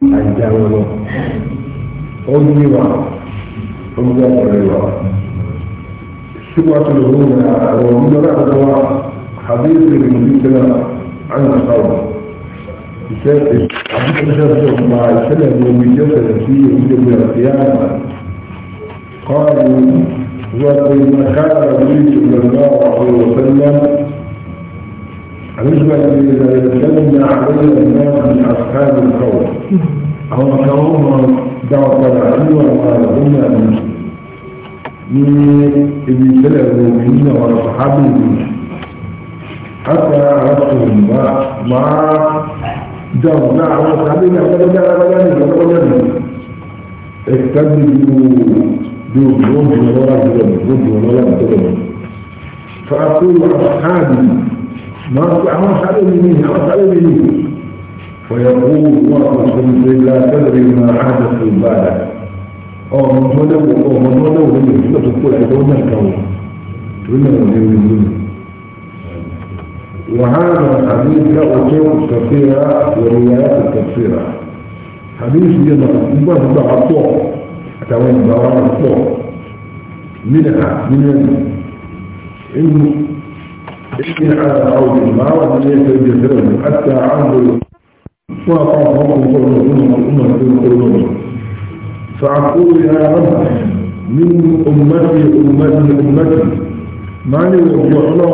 àjàwòrán ó ní wa ó ní ọ̀rẹ́ wa ṣùgbọ́n tó lè wọ́n ní àwọn onídọ́rẹ́ àtọ́wà àbíyèsí rẹ̀ ní ìṣẹ́lẹ̀ àwọn ìṣàwọ̀ iṣẹ́ àbíkẹ́ṣẹ́ tó ma ìṣẹ́lẹ̀ ní omi jẹ́ fẹ̀rẹ̀ sí ìwúdẹ́gbẹ̀ àti àmà قالوا وقد كان النبي صلى الله عليه وسلم بالنسبة للذين عليهم الناس من أصحاب القول أو كهم دعوة العلوة وقالوا من ابن سلع الروميين والصحابة الروميين حتى عرفتهم مع دعوة دعوة الصحابين أبدا أبدا أبدا أبدا اكتبوا بوجود ولا بوجود ولا بوجود فأقول أصحابي ما عمر على بن مين على سعد فيقول مين فيقول لا تدري ما حدث بعدك او من هو او من هو له هي كده تقول عايزين الكون تقول لنا من من وهذا الحديث له طرق كثيرة وروايات كثيرة حديث يضع بس ضع الطوق وين ضرار الطوق منها من إنه استعانة أو بالماء ومن يتبع الزرم حتى عنده وقام ربهم قرنهم والأمة قرنهم فأقول يا رب من أمتي أمتي أمتي ما لي وجعنا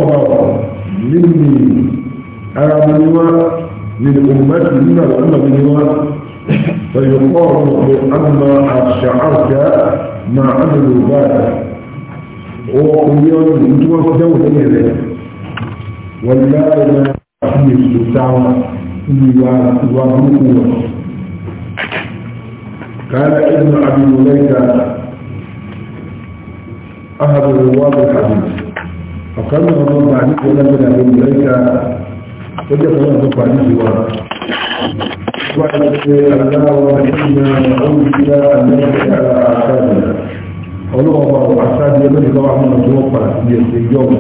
مني أنا من من أمتي من الأمة من مني فيقال أما شعرت ما عملوا ذلك وقل يوم أنتم سوف يدعي wọlé ẹ̀rọ àti èso táwọn ìwà ìwà burúkú wọn. kàlẹ́ ẹ̀rọ àbí wọlé ìgbà ahàbò wà bẹ̀ àbí ọ̀kan náà wọ́n bá ní wọlé ìgbà àbí wọlé ìgbà ó jẹ́ fún ọ̀dọ́ pàdé ìwà. وعلى الله وحيدنا ونعوذ بالله أن نبكي على أعتادنا ولو أبو أعتاد يبني طبعا من الجوفة يسجون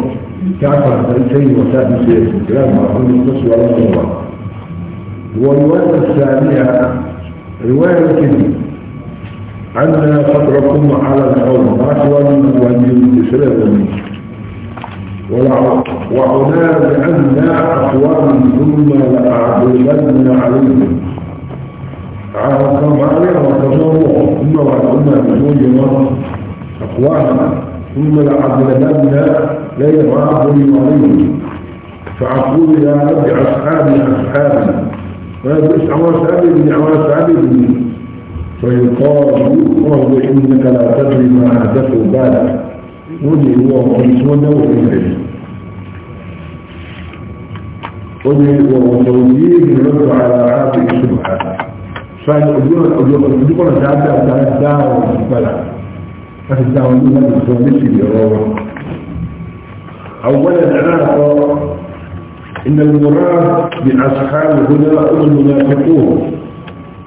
جعفر الثاني وسائل سيئة الكلام مرحوم القصر ولا الله والرواية الثانية رواية كذب عندنا قدركم على القوم عفوا والسلام وعنا عنا أقوام ثم لأعبدن عليهم عاقم عليهم وتمروا ثم وعناد بوجه أقوام ثم لأعبدن ليل يرعاهم عليه فعقول يا رب أصحابي أصحابي ويدرس عواص أبي عواص أبي فيقال وهو إنك لا تدري ما أهدف بالك ودي هو خمسون وفيه ودي هو توجيه يرد على عاتق سبحانه فالأجور تعدى على الدار والسبلة فالدار والسبلة أولا أعرف إن المراد بأصحاب هنا هم المنافقون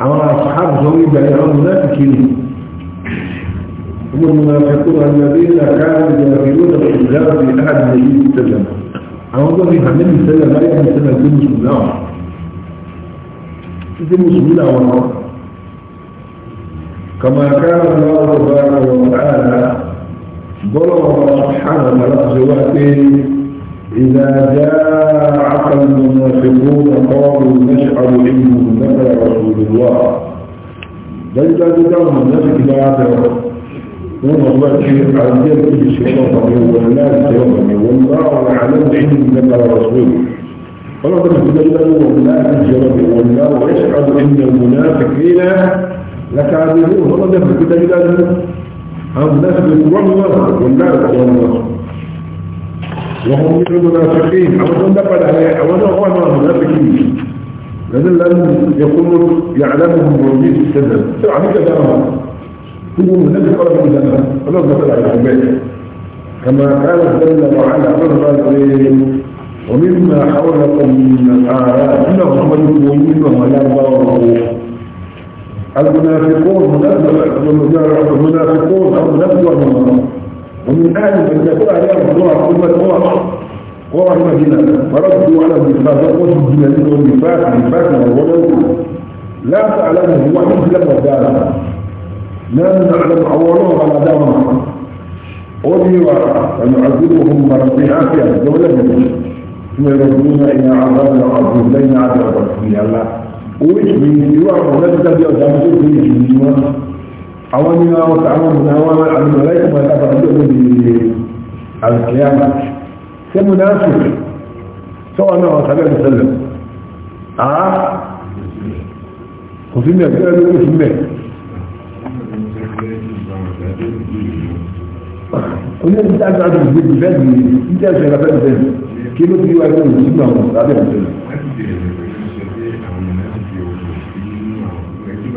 أو أصحاب زويبة هم منافقين هم المنافقون الذين كانوا ينافقون في الغرب أحد النبي صلى الله عليه وسلم أولا في حمد سنة ما يكون سنة في مسلم لا في مسلم لا والله كما كان الله تبارك وتعالى ضرب سبحانه لفظ وقته إذا جاءك المنافقون قالوا نشعر إنه لك رسول الله ليس بدون منافق بعده من الله شيء عن جد الشيطان والله سيومني والله أعلم إنهم لك رسول فلقد استدلوا والله سيومني والله يشعر إن المنافقين لكاذبون فلقد استدلوا أو نثبت والله والله والله وهم من المنافقين أولا نبل عليه أولا هو المنافقين لأن لم يكونوا يعلمهم موجود السنة يعني كلامها هو من منافق ولا من ذنب الله نبل على الحباية كما قال جل وعلا قال ومما حولكم من الآيات إنهم يؤمنون ولا يرضون المنافقون المنافقون أو نبوة من ومن أهل من يقول عليهم الله قمة قرى قرى المدينة فردوا على النفاق وقصوا الجنانين والنفاق النفاق والغلو لا تعلم هو إلا مدانا لا نعلم أولهم على دار أولي ونعذبهم مرضي عافية الدولة ثم يردون إلى عذاب العظيم بين عذاب رسول الله which means irú àwọn mọ̀lẹ́bíkà bí ọ̀dà tó kéré jù ní wọn àwọn ní àwọn àwọn mọ̀lẹ́ àwọn àlùmọ̀lẹ́ ìmọ̀ ẹ̀ka pàtó tó lè àlùkẹ́ àmà ṣé mo náà sùn sọ́wọ́ náà wọ́n sábẹ́ ìṣẹ̀lẹ̀ à kò sí mẹ́ kí ẹni kò sí mẹ́ onídìí tí a ti àdùn ìgbé jù bẹ́ẹ̀ ni ní tí a ti kí ló ti yíwájú ìṣúná àwọn sábẹ́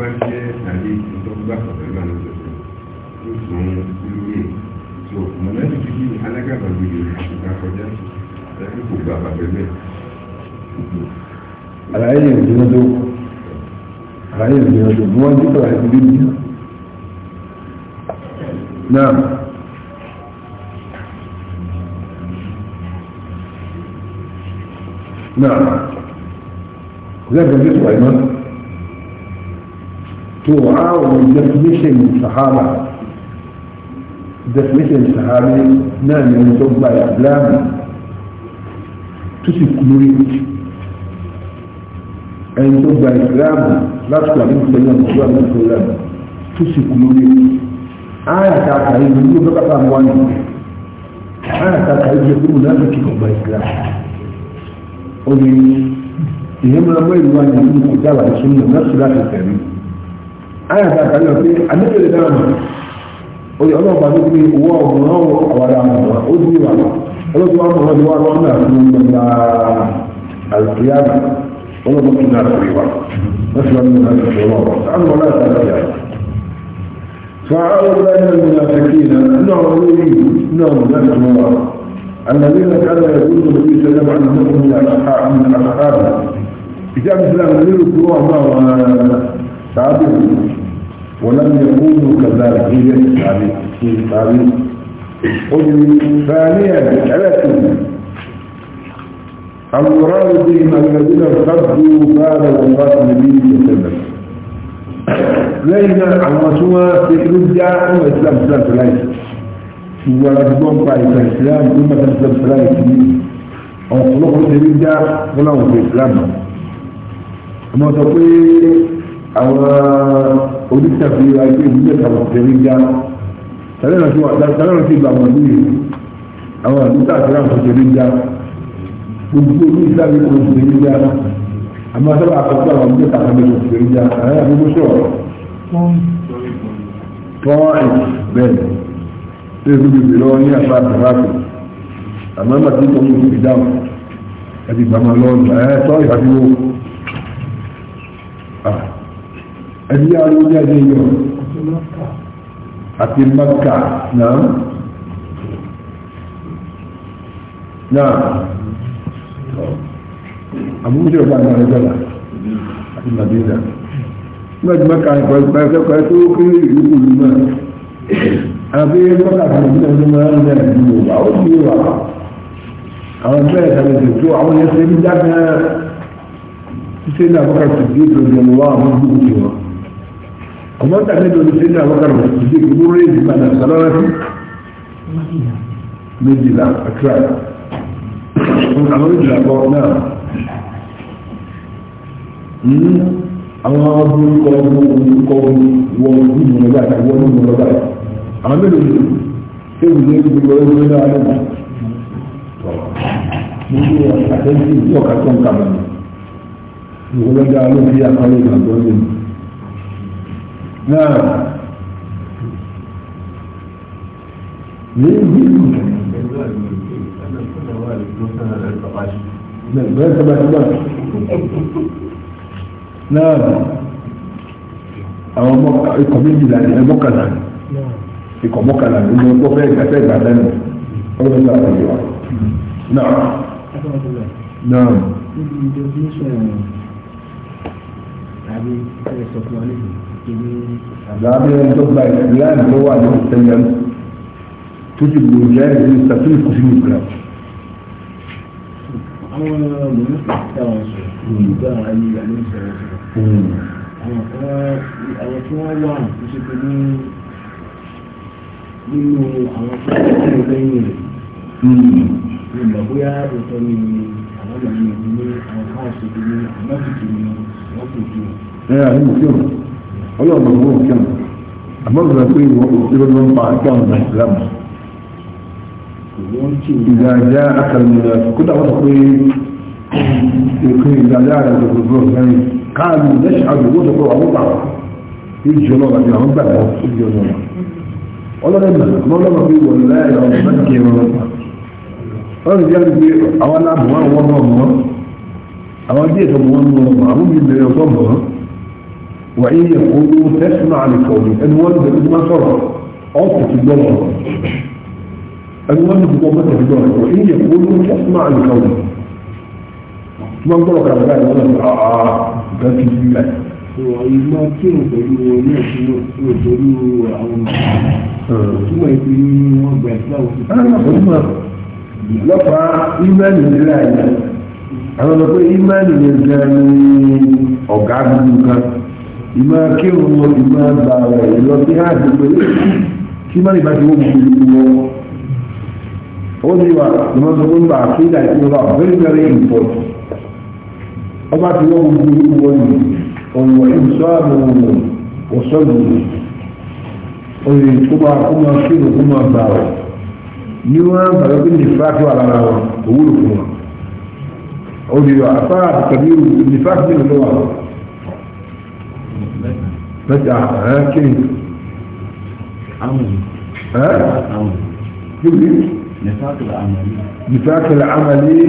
bá jẹ́ àlè tó bá pàtàkì náà ló sọ̀rọ̀ yóò fún olóyè tó mọ̀lẹ́bí ti bí alágàbàgbèrè ìgbà kọjá ẹ̀kú kò gbà bàbẹ̀ bẹ́ẹ̀. àlàyé yẹn ò dúró tó àlàyé yẹn ò dúró tó bí wọ́n ti tọ̀ àti bí bí. wà ní mọ́tò to àwọn definition sahaba definition sahabi náà ni wọn tó gba ìsìlámù tó sì kú lórí ẹni tó gba ìsìlámù láti wà nínú ìpínlẹ̀ ọ̀gbọ́n àti ìpínlẹ̀ tó sì kú lórí ayàtà àkàrí ìlú ló bẹ́ẹ̀ bá wà nínú ayàtà àkàrí ìlú tó múná lókè kò gba ìsìlámù ó ní ìyẹn máa mọ ìlú wa ní ìlú kò dábàá ìsúnmọ̀ náà sí láti tẹ̀lé. ayé àtàkà yọ pé anábìrì náà mọ̀ oyè ọlọ́ọ̀bà ló fi owó ọ̀gbọ̀n náà wọ àwàdà àmọ̀ ó dì wà ọlọ́dún wa mọ̀ ọdún wa lọ́wọ́ náà fún un gbọ̀ngà àlùkìyàmà ọlọ́dún tún náà fún ìwà wọ́n ti wá nínú náà fún ọlọ́wọ́ àwọn ọlọ́dún náà fún ìyá فأعوذ بالله من المنافقين إنهم يريد إنهم نفس الله الذين كانوا يقولون النبي صلى الله عليه وسلم أنهم من أصحاب من أصحابه كتاب الإسلام يريد الله تعبير ولم يكونوا كذلك هي التعبير هي التعبير قل ثانيا ثلاثة المراد بهم الذين ارتدوا بعد وفاة النبي صلى الله عليه وسلم لينا àwọn tí wọ́n ṣe ló já ọmọ islam islam láì ṣùgbọ́n àdúgbò ń pa ìta islam ló máa ṣe islam láì sí ọ̀pọ̀lọpọ̀ ṣe ló já wọn láwọn ṣe islam ọmọ sọ pé àwọn oníṣàfihàn ayé ìwúlẹ̀ tàwọn tẹ̀lé já tẹ̀lé náà ti gbà wọ́n ní ìlú àwọn àdúgbò àti àwọn tẹ̀lé já gbogbo ní ìsàlẹ̀ kò tẹ̀lé já àmọ́ sábà àkọ́kọ́ àwọn oníṣẹ́ tàwọn tẹ̀lé já àwọn àdúgbò sọ̀rọ̀ tọ́ọ̀ì bẹ́ẹ̀ tí ó gbogbo lọ ní àpá àtàràkù àmọ́ bá tí tọ́mù ti dáhùn ẹ̀dìgbàmọ́ lọ́nà ẹ̀ tọ́ọ̀ì àdúgbò ẹ̀dí àwọn jáde yọ àti maka náà náà àbúrúṣe ọ̀pá àwọn ọ̀rẹ́gbẹ̀lá àti madina nígbà tí maka ẹ̀kọ́ ẹ̀kọ́ tó kéré ìlú ìlú náà àbí maka àti madina ló máa ń rẹ̀ ní yorùbá ó ti wà àwọn bẹ́ẹ̀ tàbí tó àwọn yẹn ṣe ń dáná ṣíṣe ní àbúkà tó dé ìtòjú ọmọ wa àwọn ìlú ìlú wọn ọmọ ta ní lórí sínú àwọkàrà òṣìṣẹ́ ìgbó rèéjì padà sọlọ́wọ́ sí méjìlá àkúrà àwọn méjìlá bọ́ náà àwọn orúkọ orúkọ wọn nínú ọgbà àti wọn àwọn mélòó ni ní náà yìí yìí kù. bẹ́ẹ̀ sọ́ba sọ́ba náà àwọn ọmọ ikọ̀ méjìlá ni ẹgbọ́ kàlà ikọ̀ mọ́kàlà ni mo gbọ́ fẹ́ gbàtẹ́ ìgbà lẹ́nu ọlọ́run ní àwọn ìwà náà náà. níbi ìdókòwò sọ̀rọ̀ àbí ìfẹ́ sọ̀kùnrin àgbàbẹ́ tó gba ìsìláì tó wà ní ìsẹ́yẹ tó ti gbòòrò jẹ́ ìlú ìsàtúnì kò sínú ìgbà. àwọn ọmọdé táwọn sọ nígbà ayé àlẹ́ ìṣẹ̀lẹ̀ sọ àwọn tí wọ́n wà tó ṣe pé ní nínú àwọn tó ṣe pé lẹ́yìn rẹ̀ nígbà bóyá òótọ́ ni àwọn ọmọdé ní àwọn káàṣì ní àwọn mọ́tò tó ní wọ́n kò tó. ẹ àwọn mọ̀tò ọlọ́run ló ń kí ọ̀nà àmọ́tò rẹ̀ pé ìwọ ìwọ ló ń pa àti àwọn ọ̀nà ìsìlámù ìdájá akàlùmọ̀lá kódà wọ́n sọ pé èkó ìdájá rẹ̀ tó gbogbo ọ̀gbẹ́rin káàlù lẹ́sẹ̀ àdúgbò sọ pé àwọn pàrọ̀ ìjọ lọ́wọ́ àti àwọn gbàgbọ́ ìjọ lọ́wọ́ ọlọ́run mọ̀ ọlọ́run pé ìwọ láyà ọ̀nà ìsìlámù ọlọ́run jẹ́ pé àwọn aláàbò wọn wọ́n mọ̀ àwọn díẹ̀ tó mọ̀ wọn mọ̀ àwọn bí bẹ̀rẹ̀ ọ̀pọ̀ mọ̀ وإن يقولوا تسمع لكوني أنوان بإذن ما صرف أعطت الله أنوان بقومتها في دولة وإن يقولوا تسمع لكوني ما انظرك على ذلك الله آآ آه، آآ قالت الله وإن ما كنوا بلوه ونحن وزلوه وعون ثم يتلوني وربع ثلاثة أنا ما لفع إيمان الله أنا نقول إيمان الإنسان أو قعب المكان ìmọ̀ kírun wọn ìmọ̀ gbà rẹ̀ lọ sí ààbò pẹ̀lú kí má nìbá wọ́n wọn. ó ní wa ìmọ̀ tó ń gbà kí ìdá ìpínlẹ̀ wa very very important. ọba ti wọ́n gbogbo wọn ni ọ̀rọ̀ ìṣọ́ àbò ọ̀ṣọ́dù oyè tó bá kó máa kó máa rẹ̀ ní wà lára wọn òwúrò fún ó ní wa mẹ́ta ها kí ni. ها جبريل نفاق العملي نفاق العملي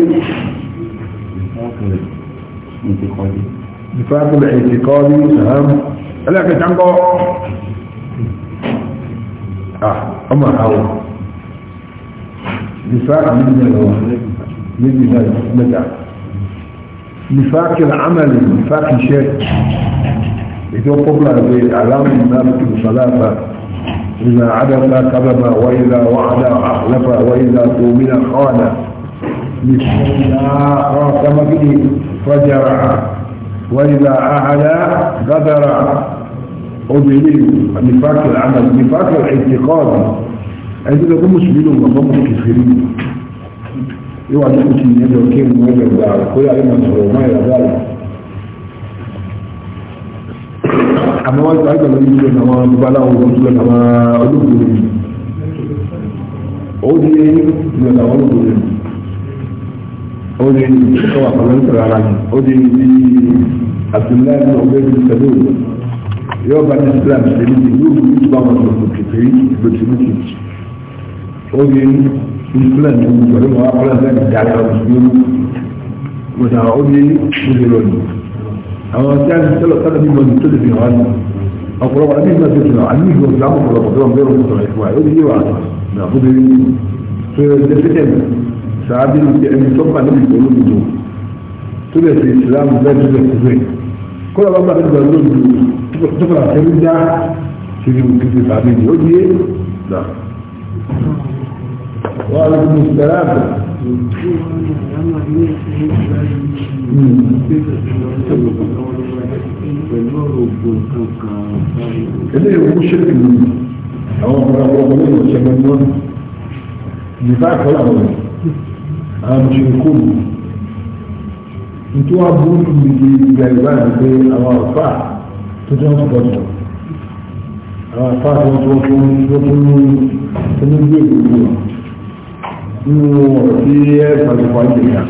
نفاق الاعتقادي نفاق الاعتقادي سلام لا كنت عم اه اما حاول نفاق من من ذلك نفاق العملي نفاق الشيء إذا قبل بإعلام الناس بصلافة إذا عدف كذب وإذا وعد أخلف وإذا تؤمن خان خاصم به فجرع وإذا أعلى غدر أبليل نفاق العمل نفاق الاعتقاد أجل أقول مسلمين ومضم كثيرين يوعد أن يدعو كيف مجرد كل علم أنه ما يدعو àmọ́ wọ́n ti àgbà lórí ìṣòro àwọn babaláwo ìṣòro àwọn olóògbé rẹ̀ ó di ìṣòro àwọn olóògbé rẹ̀ ó di ìṣòro àwọn olóògbé rẹ̀ ó di Abdullahi bin Obed bin Salul yóò bá ní Islam ṣe ní ìlú ìlú bá wọn lọ sí kékeré lọtìlútì ó di Islam ní ìgbàlódé wọn á kọ́lá ní ìdára ọ̀sùn yóò wọ́n ta ó di ìṣòro lọ́nà. àwọn tí a ti tẹ́lọ̀ sáré bí wọn tó lè fi hàn án ọ̀pọ̀lọpọ̀ àbí ìgbà tó ti hàn án ní ìgbà tó àwọn ọ̀pọ̀lọpọ̀ tó wọn bẹ̀rù ọ̀pọ̀ sọ̀rọ̀ ìfúwa ó ní yíwa nà fún mi tó yẹ kí ṣe ẹ̀mí sàábí ẹni tó bá níbi ìgbà olódodo tó lè fi Islam bẹ́ẹ̀ tó lè fi rẹ̀ kọ́lá bá bá níbi ìgbà olódodo tó fara fẹ́ dá síbi òkìtì sàábí ni ó yé nà wọ́n á lè fi ilé ìwé ṣètò yìí àwọn ọmọdé ọmọ yìí ṣe mọ wọn nípa àkọlà wọn àwọn ṣèkó nítorí wọn bú ìdí ìgbà ìgbà ìgbé àwọn àfà tó tó ń sọ jù àwọn àfà tó tó tó tó tó tó ní gbé ìgbé wọn. nínú ọ̀rọ̀ tí ẹ pàṣípà ń jẹ̀yà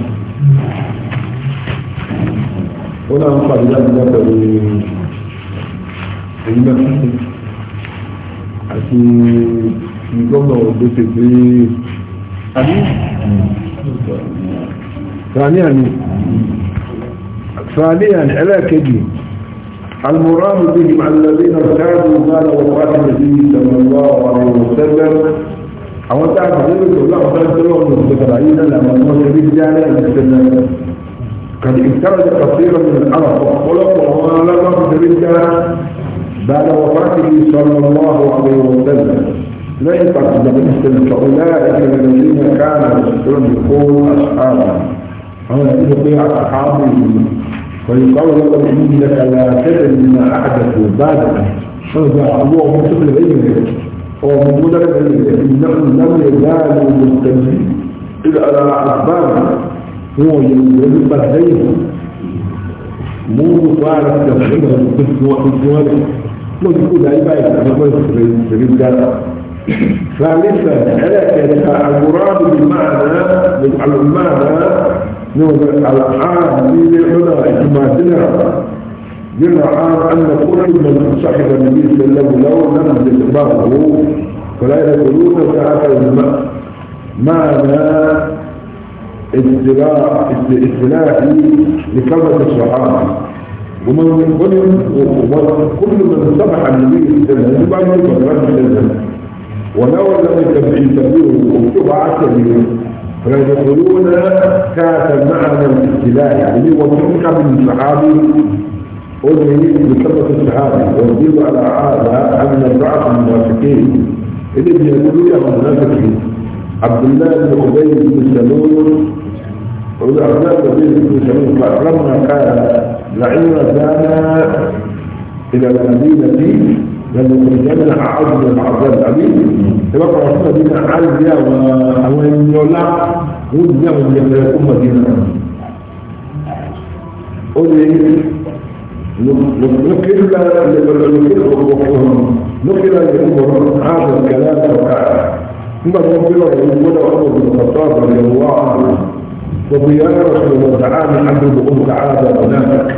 ó náà ń pàdé láti dá pẹ̀lú èyí náà àti gómìnà ògbésè pé àbí ثانيا ثانيا علاكجي المراد بهم الذين ارتادوا مال وفاة النبي صلى الله عليه وسلم àwọn tá a kà lórí ìṣòro àwọn fẹ́ẹ́ tọ́lọ́ ọ̀nà ìṣèkàrà yìí náà làwọn ọmọ ṣe bí jáde ìṣẹ́ náà kàdé ìtàlẹ̀ kàfíìrọ̀ ní àrà ọ̀pọ̀lọpọ̀ àwọn alágbàmù ṣe bí jáde بعد وفاته صلى الله عليه وسلم لا ينفع بالنسبة فأولئك الذين كانوا يقول أصحابه أو يقول أصحابه ويقول لهم إنك لا تدري ما أحدث بعدك فإذا الله مصطفى بينك وموجودة إنهم لم يزالوا مستمرين إذ على أحبابهم هو يجرب بديهم منذ فعلت تفعيلهم في وحدهم لو يكون أي باية أنا في الرجال ثالثا ذلك المراد بالمعنى بالمعنى على العام من هنا إجماع جمع أن كل من صحب النبي صلى الله عليه وسلم لم يتبعه فلا يدخلون تعالى الماء معنى استلاحي لكبر الصحابة ومن كل وكل من صبح النبي صلى الله عليه وسلم بعد فترات ولو لم يتبعي تبعه وكتب فلا فيدخلون كاتب معنى الاستلاحي يعني وتنكب من صحابه أدعي بكثرة الشهادة وأجيب على هذا أن بعض المنافقين اللي بيقولوا يا منافقين عبد الله بن أبي بن سلول عبد الله بن سلول فأكرمنا قال لعن كان إلى المدينة لنخرجن أعظم من عبد الأمين تبقى رسول الله بن عبد الله ودنيا من يملكون مدينة أدعي نكر نكر الجمهور هذا الكلام وقع ثم نكر الجمهور عمر بن الخطاب رضي الله عنه وفي رسول الله تعالى عنه تعالى هناك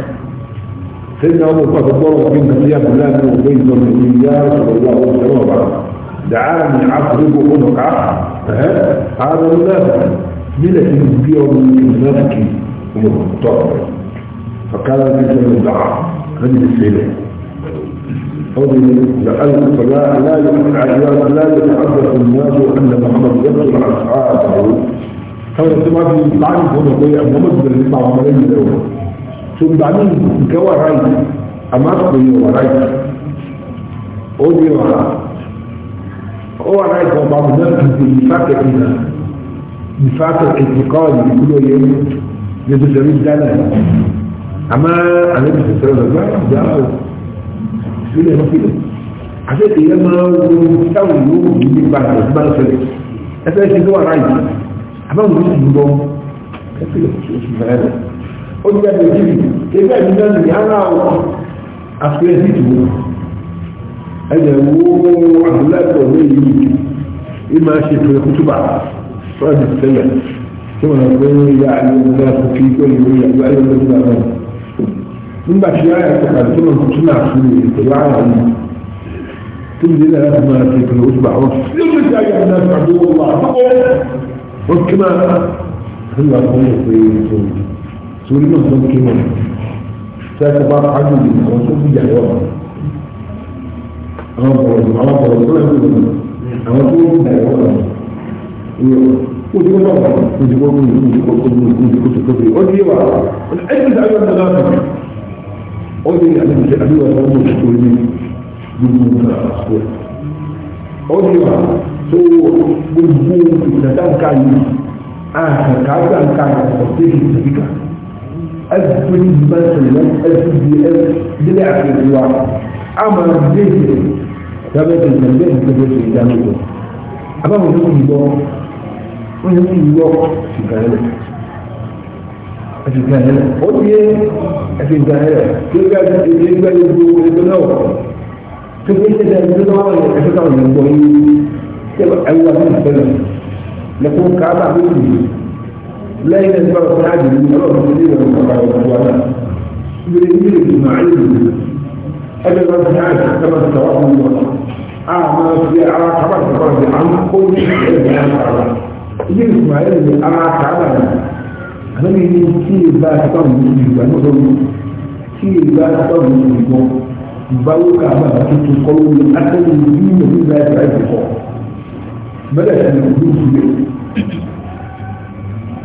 سيدنا عمر بكر ضرب بين ثياب الله وبين المليار صلى الله عليه وسلم دعاني عقرب بن هذا الناس ملك كبير من المنافق ومن الطائر فقال لي سيدنا هذه السيدة قولي لأن فلا لا يتعذر لا يتحدث الناس أن محمد يقتل أصحابه هذا ما في العالم هنا قوي أبو مصدر اللي مع عملين الأول بعدين كوا راي أما قوي وراي قولي وراي هو رايك وبعض الناس في النفاق هنا نفاق الاعتقادي كل يوم يدرس ده àmọ́ àlejò sọ̀rọ̀ lọ́gbà ọ̀gá sílẹ̀ sílẹ̀ àti èèyàn máa ń wo táwọn yòówù ní nípa àgbà tó bá ń sọ̀rọ̀ ẹgbẹ́ nígbà tí àyà tó kàlẹ́ tó lọ́nà tó náà fún mi pẹ̀lú àyà yìí tó lè nílẹ̀ láti máa fi ìpinnu oṣù bá wọn sí ló ti àyà náà fún àdúgbò wà àbúkọ wọn kí máa ń lọ fún òpè ètò sórí náà tó kí wọn sẹ́kọ̀ bá pàdé ìlú àwọn tó bí ìyàwó àwọn bọ̀rọ̀ àwọn bọ̀rọ̀ tó lẹ́nu ìlú àwọn tó bí ìyàwó àwọn ودي نظر ودي قوم ودي قوم ودي قوم ودي قوم ودي قوم ودي قوم ودي قوم ودي قوم ó lè yà lẹ́nu jẹ́ àdúrà tó wọ́n tó ní gbogbo nǹkan àkókò ó lè wà tó gbogbo ìdàdá nǹkan yìí àkàkà nǹkan ọ̀tẹ́kì tàbíkà ẹ̀sùn ìgbà tẹ̀lé ẹ̀sùn di ẹ̀sùn àkẹ́kọ̀ọ́ wa a máa dé ìdè dábẹ́tẹ̀ tẹ̀lé ìgbẹ́jọ́ ìdánilò abáwọn yóò yìí bọ́ wọ́n yóò yìí bọ́ ìgbà yẹn ẹ̀sìn ìgbà yẹn lẹ̀ ó ti yé ẹ̀sìn ìgbà yẹn lẹ̀ kí ló gbà tí kí ló gbà yóò gbó ẹgbẹ́ náà wọ̀ tó kí ṣe dẹ̀ ẹgbẹ́ náà wọ̀ ẹ̀sìn náà yẹn gbọ́ yìí ṣé ẹwú wa ní ìfẹ́lẹ̀ lẹ́kọ́ káàbà ló kù lẹ́yìn ẹ̀sìn bá wọn láàyè ní ọlọ́run tó ní ìrọ̀rùn kọ̀ọ̀kọ̀ ọ̀rọ̀ wa náà ìbẹ̀rẹ̀ ní ìrẹ̀ ìgbìmọ̀ ayé ìlú ẹgbẹ́ bá ti náà ṣe ẹgbẹ́ bá ti tọ̀wọ́ fún wọn àmọ́ ti ara kábàtì kọ̀ọ̀kọ̀ àmọ́ kó ní ìrẹ̀ ìgbìmọ̀ ayé ìlú ara kábàtì àlọ́bí ní kí ìgbà àtàwọn ìlú ìgbà náà lọ́wọ́ kí ìgbà àtàwọn ìlú ìgbọ́ ìbáwó ká bàbá tuntun kọ́ lórí atẹ́lẹ̀ ìlú ìlú ìgbà ìgbà ìkọ̀ bẹ́ẹ̀ sì ni ìlú ìgbà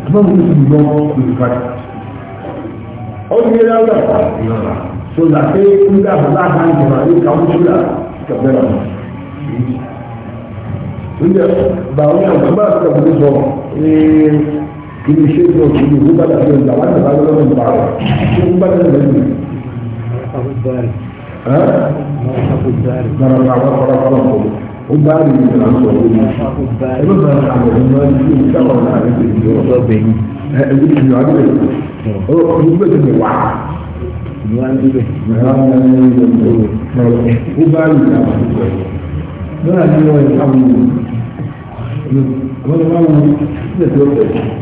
àtàwọn ìlú ìgbọ́ ìgbà ó ní ilé ọ̀rọ̀ tó làpé nígbà bàbá àbá ìjọba ní káwọn ṣúlá kẹfẹ́ràn nígbà bàbá àbá ìjọba ní sọ kí ni ṣé ìjọ kí ni ìwú bá dàbí ọjà wà nígbà lọ́wọ́ lọ́wọ́ nípa rẹ̀ ṣé ìwú bá dàbí ọjà lọ́wọ́ nípa rẹ̀ ó bá rí ní ìlànà ọ̀rọ̀ yìí ẹ bá bá àwọn ọmọ yìí ní ìjọba náà ní ìlú ọ̀rọ̀ bẹ̀yìn ẹ ẹ bí ìlú àgbẹ̀ ọ̀rọ̀ ìgbẹ́ ti mi wá. ìlú àgbẹ̀ ó bá rí ìlànà ọ̀rọ̀ yìí lọ́la ní ọ̀rọ̀ ìtàwọn yìí lọ́la ní ọ̀rọ̀ ìtàwọn yìí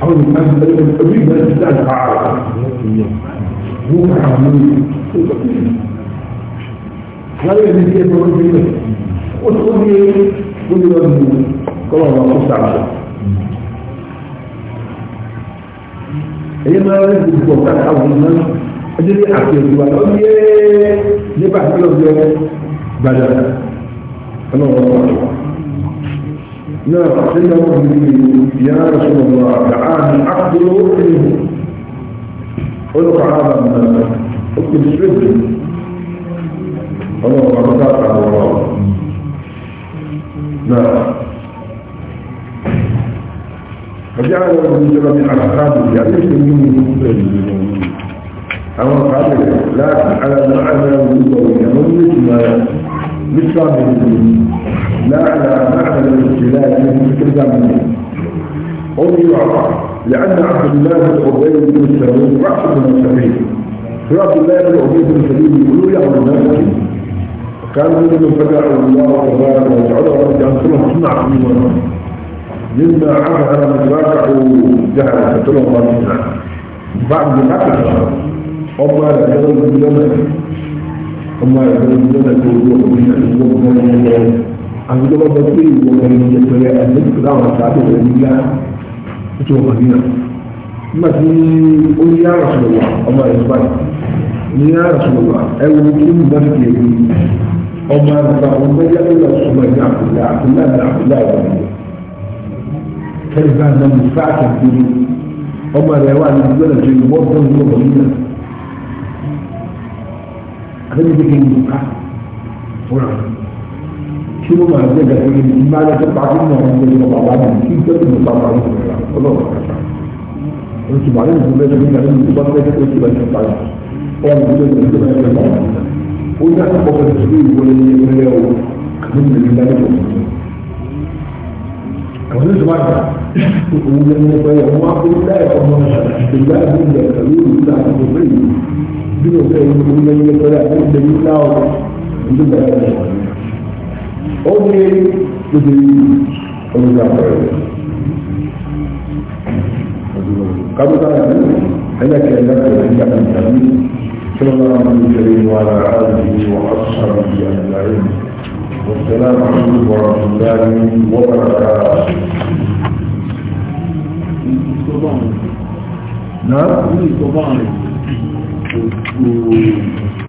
حول المسجد الكبير من الإسلام العرب روح عملية لا يجب كيف يقول ادخل لي كل يوم كما هو خمسة عشر إما يجب الوقت حول الناس أجري أحكي الزوال أولي نبع كل يوم بدأ أنا أقول لا سيدنا مؤمنين يا رسول الله تعالى أقتل روحه خلق هذا من الناس اكتب سويت الله وبركاته على الله نعم فجعل ابن جبل على خاطر يعني يسلم منه أما خاطر لكن على ما أنا من قوي يعني مثل ما مثل ما لا على معنى في استخدام أم يعطى لأن عبد الله بن عبيد بن سعود رأس المنافقين فعبد الله بن عبيد بن سعود يقولوا يا المنافقين كان منهم فدع الله تبارك وتعالى ورد عنه كلهم صنع في مما عرف من واقعوا جهل كلهم ما بعد ما كتب أما يقولون أما يقولون أن الوضوء من الوضوء lọ́gbọ́n pé ìwọ ẹni jẹjẹrẹ àdéhùn láwọn àtàkùn rẹ̀ nígbà tó wà nínà nígbà tí ó ní yára sọ̀rọ̀ wà ọmọ rẹ̀ bá ní yára sọ̀rọ̀ wà ẹ wo kí ní bá ti kéwì ọmọ àgbà ọmọ ẹgbẹ́ ló lọ sọ̀rọ̀ ní àkùlá àkùlá ní àkùlá ìwà nìyẹn kẹ́lí bá nà ní fáàkì àkùlá ọmọ rẹ̀ wà ní gbọ́dọ̀ tó ìwọ́ bẹ́ẹ̀ ní ọ̀rọ̀ nínà àbẹ́ni kékeré kí ló máa gbé gàdé ní ìgbà lẹ́tọ́ pàtó ní àwọn ọmọdé ní bàbá mi kí n tẹ́lẹ̀ nípa bàbá mi ọlọ́run kàkà oṣù bàbá mi gbé gàdé ní ìgbà lẹ́tọ́ pàtó ní oṣù bàbá mi pàtó ọmọ mi gbé gàdé ní ìgbà lẹ́tọ́ ó yá ọkọ̀ tó ti wọlé ní ilé o ní ìlú ìlú ìlú àwọn oṣù bàbá òun lè mú ọgbà yẹn wọn kó láì ọmọ ìgbà ìgbà ìgbà lórí ìgbà àti òfin bí òfin òun lè mú ọgbà yẹn wọn lè mú láwọn ìgbà yẹn ó ní gbogbo yìí olùkọ́ àpẹẹrẹ kábíkà ẹlẹ́kẹ̀ẹ́ ẹlẹ́kẹ̀ẹ́ ìjàpá tàbí صلى الله عليه وسلم وعلى آله وأصحابه أجمعين والسلام عليكم ورحمة الله وبركاته نعم